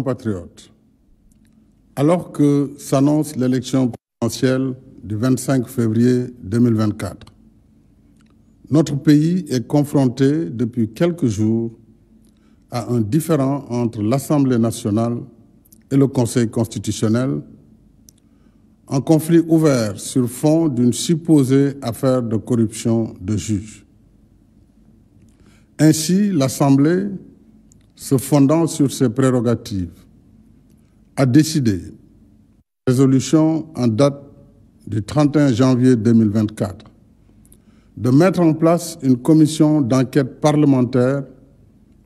compatriotes, alors que s'annonce l'élection présidentielle du 25 février 2024, notre pays est confronté depuis quelques jours à un différend entre l'Assemblée nationale et le Conseil constitutionnel, un fond d'une supposée affaire de corruption de juges. Ainsi, l'Assemblée se fondant sur ses prérogatives, a décidé, résolution en date du 31 janvier 2024, de mettre en place une commission d'enquête parlementaire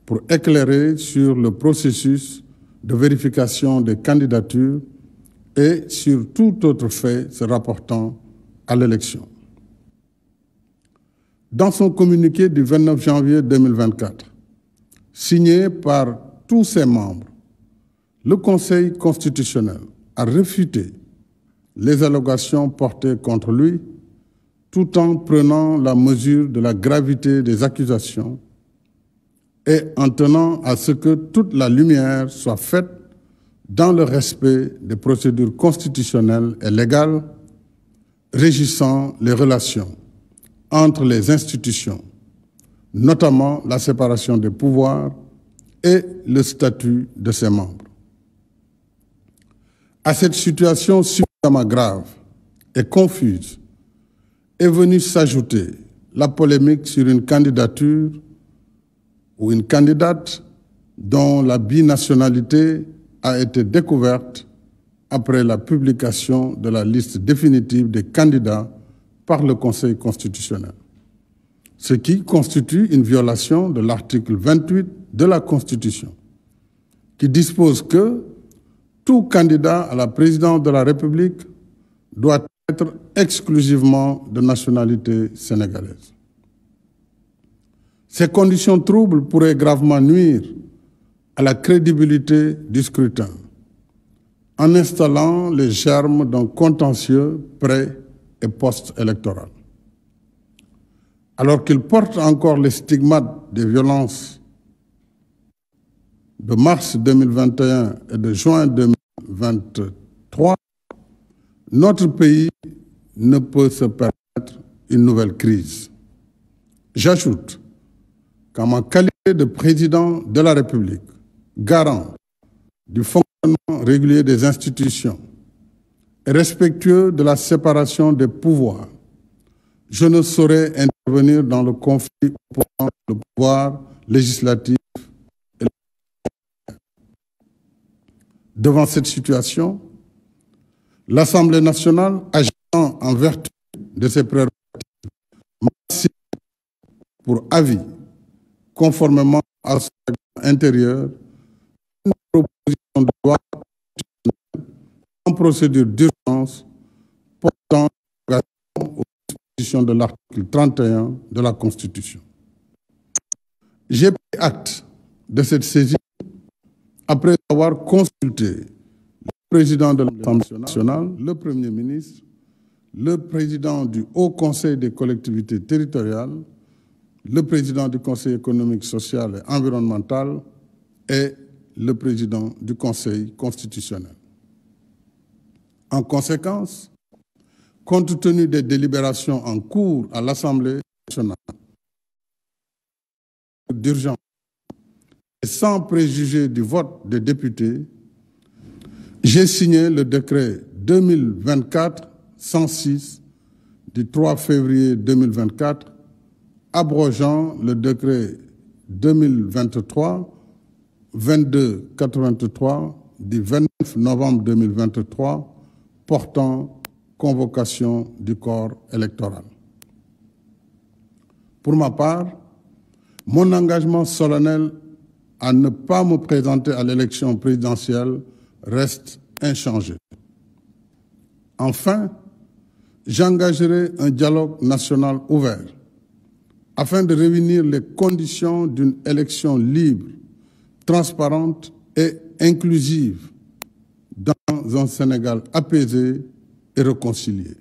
pour éclairer sur le processus de vérification des candidatures et sur tout autre fait se rapportant à l'élection. Dans son communiqué du 29 janvier 2024, signé par tous ses membres, le Conseil constitutionnel a réfuté les allégations portées contre lui tout en prenant la mesure de la gravité des accusations et en tenant à ce que toute la lumière soit faite dans le respect des procédures constitutionnelles et légales régissant les relations entre les institutions notamment la séparation des pouvoirs et le statut de ses membres. À cette situation suffisamment grave et confuse est venue s'ajouter la polémique sur une candidature ou une candidate dont la binationalité a été découverte après la publication de la liste définitive des candidats par le Conseil constitutionnel. ce qui constitue une violation de l'article 28 de la Constitution, qui dispose que tout candidat à la présidence de la République doit être de nationalité sénégalaise. Ces conditions troubles pourraient gravement nuire à la crédibilité du scrutin en installant les germes d'un contentieux et post-électoral. alors qu'ils portent encore les stigmates des violences de mars 2021 et de juin 2023, notre pays ne nouvelle crise. J'ajoute qu'en ma qualité de président de la République, garant du fonctionnement régulier des institutions et de la séparation des pouvoirs, intervenir dans le le pouvoir législatif et le Devant cette situation, l'Assemblée nationale, agissant en vertu de ses prérogatives massives pour avis, conformément à son procédure d'urgence de l'article 31 de la Constitution. J'ai pris acte de cette saisie après avoir consulté le président de l'Assemblée national le Premier ministre, le président du Haut Conseil des collectivités territoriales, le président du Conseil économique, social et environnemental et le président du Conseil constitutionnel. En conséquence, compte tenu des délibérations en cours à l'Assemblée nationale, d'urgence et sans préjuger du vote des députés, j'ai signé le décret 2024-106 du 3 février 2024 abrogeant le décret 2023-2283 du 29 novembre deux mille vingt 2023 portant convocation du corps électoral. Pour ma part, mon engagement solennel à ne pas me présenter à l'élection présidentielle reste inchangé. Enfin, j'engagerai un dialogue national ouvert afin de réunir les conditions d'une élection libre, transparente et inclusive dans un Sénégal apaisé et réconcilié.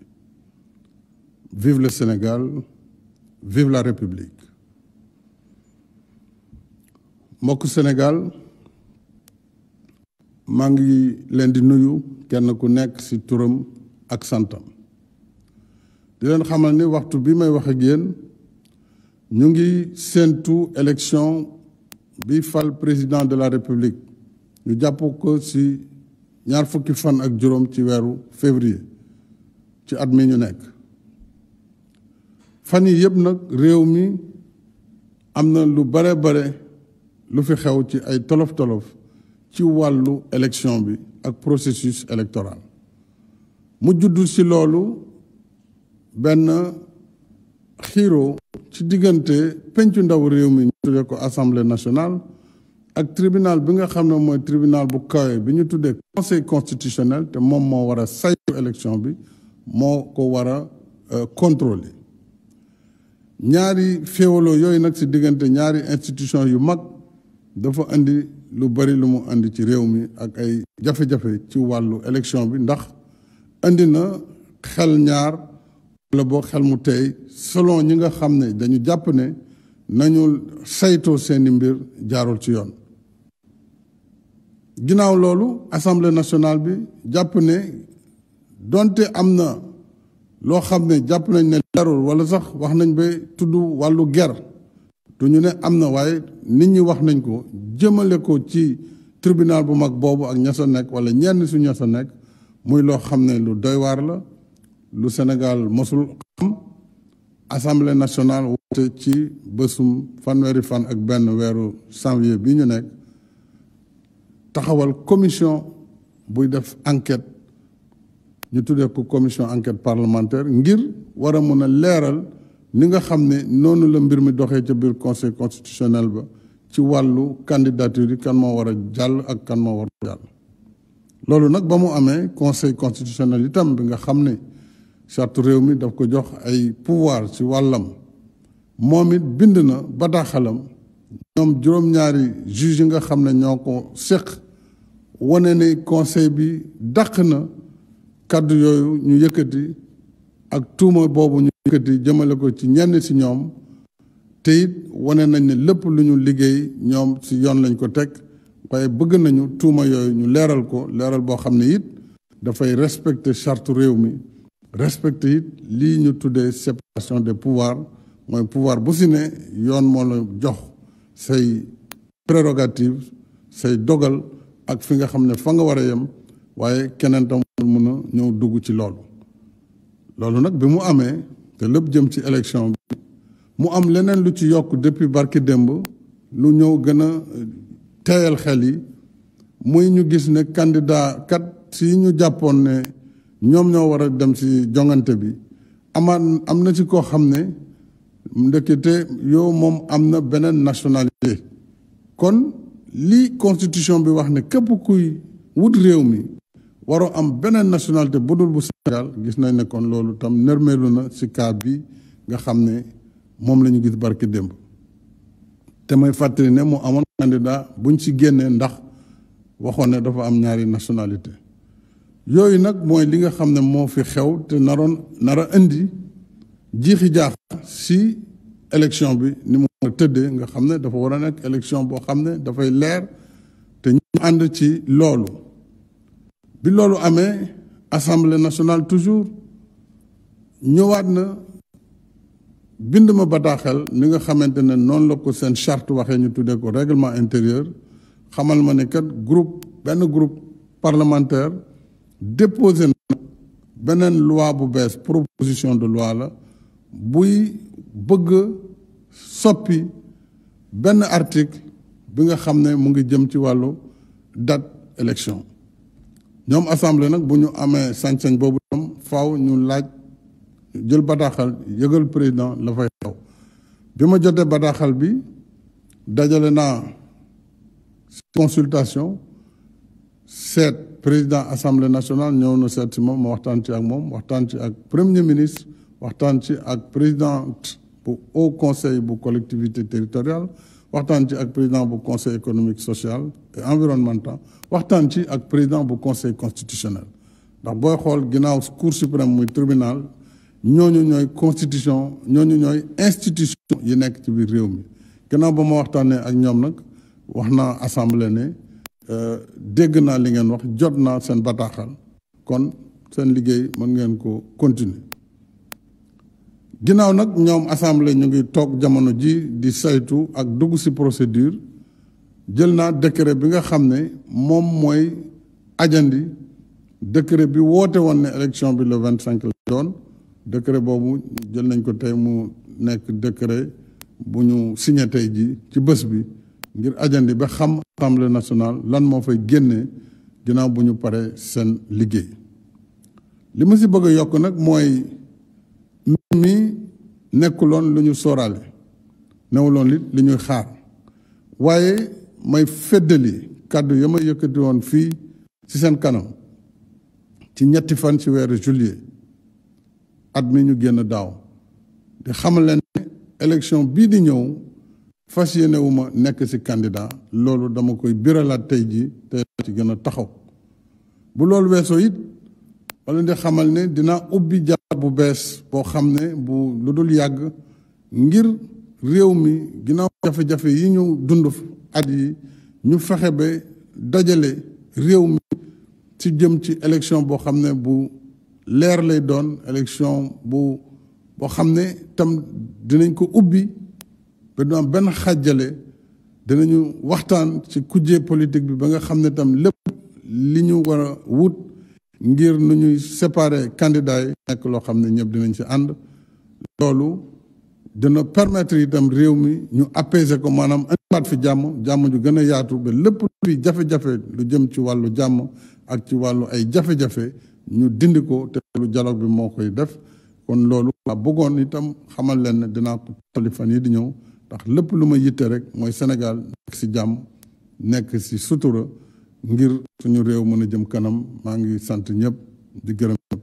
Vive le Sénégal, vive la République. mbokk Sénégal maa ngi leen di nuyu kenn ku nekk ci turam ak santam di leen xamal ni waxtu bi may wax ak ñu ngi séentu élection bi fal président de la République ñu jàpp ko ci ñaar fukki fan ak juróom ci weeru février ci at mi ñu nekk fan yi yëpp nag réew mi am na lu bare bare lu fi xew ci ay tolof tolof ci wàllu élection bi ak processus électoral mu juddu ci loolu benn xiiro ci diggante pencu ndaw réew mi ñu tuddee ko assemblée nationale ak tribunal bi nga xam ne mooy tribinal bu kawe bi ñu tuddee conseil constitutionnel te moom moo war a saytu élection bi moo ko war a euh, contrôler ñaari féewaloo yooyu nag ci diggante ñaari institution yu mag dafa indi lu bari lu mu indi ci réew mi ak ay jafe-jafe ci wàllu élection bi ndax indi na xel ñaar wala boo xel mu tey selon ñi nga xam ne dañu jàpp ne nañu saytoo seeni mbir jaarul ci yoon ginnaaw loolu assemblée nationale bi jàpp ne donte am na loo xam ne jàpp nañ ne darul wala sax wax nañ ba tudd wàllu ger du ñu ne am na waaye nit ñi wax nañ ko jëmale ko ci tribunal bu mag boobu ak ña sa nekk wala ñenn su ña sa nekk muy loo xam ne lu doy waar la lu Sénégal mosul xam assemblée nationale woote ci bésum fanweeri fan ak benn weeru janvier bi ñu nekk taxawal commission buy def enquete ñu tuddee ko commission enquête parlementaire ngir war a mën a leeral ni nga xam ne noonu la mbir mi doxee ca biir conseil constitutionnel ba ci wàllu candidature yi kan moo war a jàll ak kan moo war a jàll. loolu nag ba mu amee conseil constitutionnel itam bi nga xam ne charte réew mi daf ko jox ay pouvoir ci wàllam moom it bind na bataaxalam ñoom juróom-ñaari juge yi nga xam ne ñoo ko séq wane ne conseil bi dàq na. kàddu yooyu ñu yëkkati ak tuuma boobu ñu yëkkati jëmale ko ci ñenn si ñoom te it wane nañ ne lépp lu ñu liggéey ñoom si yoon lañ ko teg waaye bëgg nañu tuuma yooyu ñu leeral ko leeral boo xam ne it dafay respecter charte réew mi respecter yit lii ñu tuddee séparation des pouvoirs mooy pouvoir bu si ne yoon moo la jox say prérogatives say dogal ak fi nga xam ne fa nga war a yem waaye keneen tam ñëw dugg ci loolu loolu nag bi mu amee te lépp jëm ci élection bi mu am leneen lu ci yokk depuis barki démb lu ñëw gën a euh, teeyal xel yi muy ñu gis ne candidat kat si ñu jàppoon ne ñoom ñoo war a dem ci jongante bi amaan am na ci koo xam ne ndekete yow moom am na beneen nationalité kon li constitution bi wax ne képp kuy wut réew mi waroo am beneen nationalité bu dul bu Sénégal gis nañ ne kon loolu tam nërmeelu na si cas bi nga xam ne moom la ñu gis barki démb te may fàttali ne mu amoon candidat buñ si génnee ndax waxoon ne dafa am ñaari nationalité yooyu nag mooy li nga xam ne moo fi xew te naroon nar a indi jiixi jaax si élection bi ni mu tëddee nga xam ne dafa war a nekk élection boo xam ne dafay leer te ñu ànd ci loolu bi loolu amee assemblée nationale toujours ñëwaat na bind ma bataaxel ni nga xamante ne noonu la ko seen charte waxee ñu tuddee ko réglement intérieur xamal ma ne kat groupe benn groupe parlementaire déposé na beneen loi bu bees proposition de loi la buy bëgg soppi benn article bi nga xam ne mu ngi jëm ci wàllu date élection ñoom assemblée nag bu ñu amee sañ-sañ boobu tam faw ñu laaj jël bataaxal yëgal président la fay xew bi ma jotee bataaxal bi dajale naa consultation seet président assemblée nationale ñoo na seet si moom ma waxtaan si ak moom waxtaan si ak premier ministre waxtaan si ak président bu haut conseil bu collectivité territoriale waxtaan ci ak président bu conseil économique social et environnemental waxtaan ci ak président bu conseil constitutionnel ndax booy xool ginnaaw cour suprême muy tribinal ñooñu ñooy constitution ñooñu ñooy institution yi nekk ci biir réew mi ginnaaw ba ma waxtaanee ak ñoom nag wax naa assemblée ne euh, dégg naa li ngeen wax jot naa seen bataaxal kon seen liggéey mën ngeen ko continuer ginnaaw nag ñoom assemblée ñu ngi toog jamono ji di saytu ak dugg ci procédure jël naa décret bi nga xam ne moom mooy ajandi décret bi woote woon ne élection bi le vingt cinq la doon décret boobu jël nañ ko tey mu nekk décret bu ñu signé tey ji ci bës bi ngir ajandi ba xam assemblée nationale lan moo fay génnee ginnaaw bu ñu paree seen liggéey li ma si bëgg a yokk nag mooy mi nekkuloon lu ñu sóoraale newuloon it li ñuy xaar waaye may feddali kàddu ya ma yëkkati woon fii ci seen kanam ci ñetti fan ci weeru juillet at mi ñu génn daaw di xamal leen bii di ñëw fas yéene nekk ci candidat loolu dama koy biralaat tey ji tey ci gën a taxaw bu loolu weesoo it ma leen di xamal ne dina ubbi jàpp bu bees boo xam ne bu lu dul yàgg ngir réew mi ginnaaw jafe-jafe yi ñu dund at yi ñu fexe ba dajale réew mi ci jëm ci élection boo xam ne bu leer lay doon élection bu boo xam ne tam dinañ ko ubbi ba du benn xàjjale dinañu waxtaan ci kujje politique bi ba nga xam ne tam lépp li ñu war a wut ngir nu ñuy séparer candidats yi nekk loo xam ne ñëpp dinañ si ànd loolu dina permettre itam réew mi ñu apaiser ko maanaam indiwaat fi jàmm jàmm ju gën a yaatu ba lépp luy jafe-jafe lu jëm ci wàllu jàmm ak ci wàllu ay jafe-jafe ñu dindi ko te lu dialogue bi moo koy def kon loolu ma bëggoon itam xamal leen ne dinaa ko tolli fan yi di ñëw ndax lépp lu ma yitte rek mooy Sénégal nekk si jàmm nekk si sutura ngir suñu réew mën a jëm kanam maa ngi sant ñëpp di gërëm ñëpp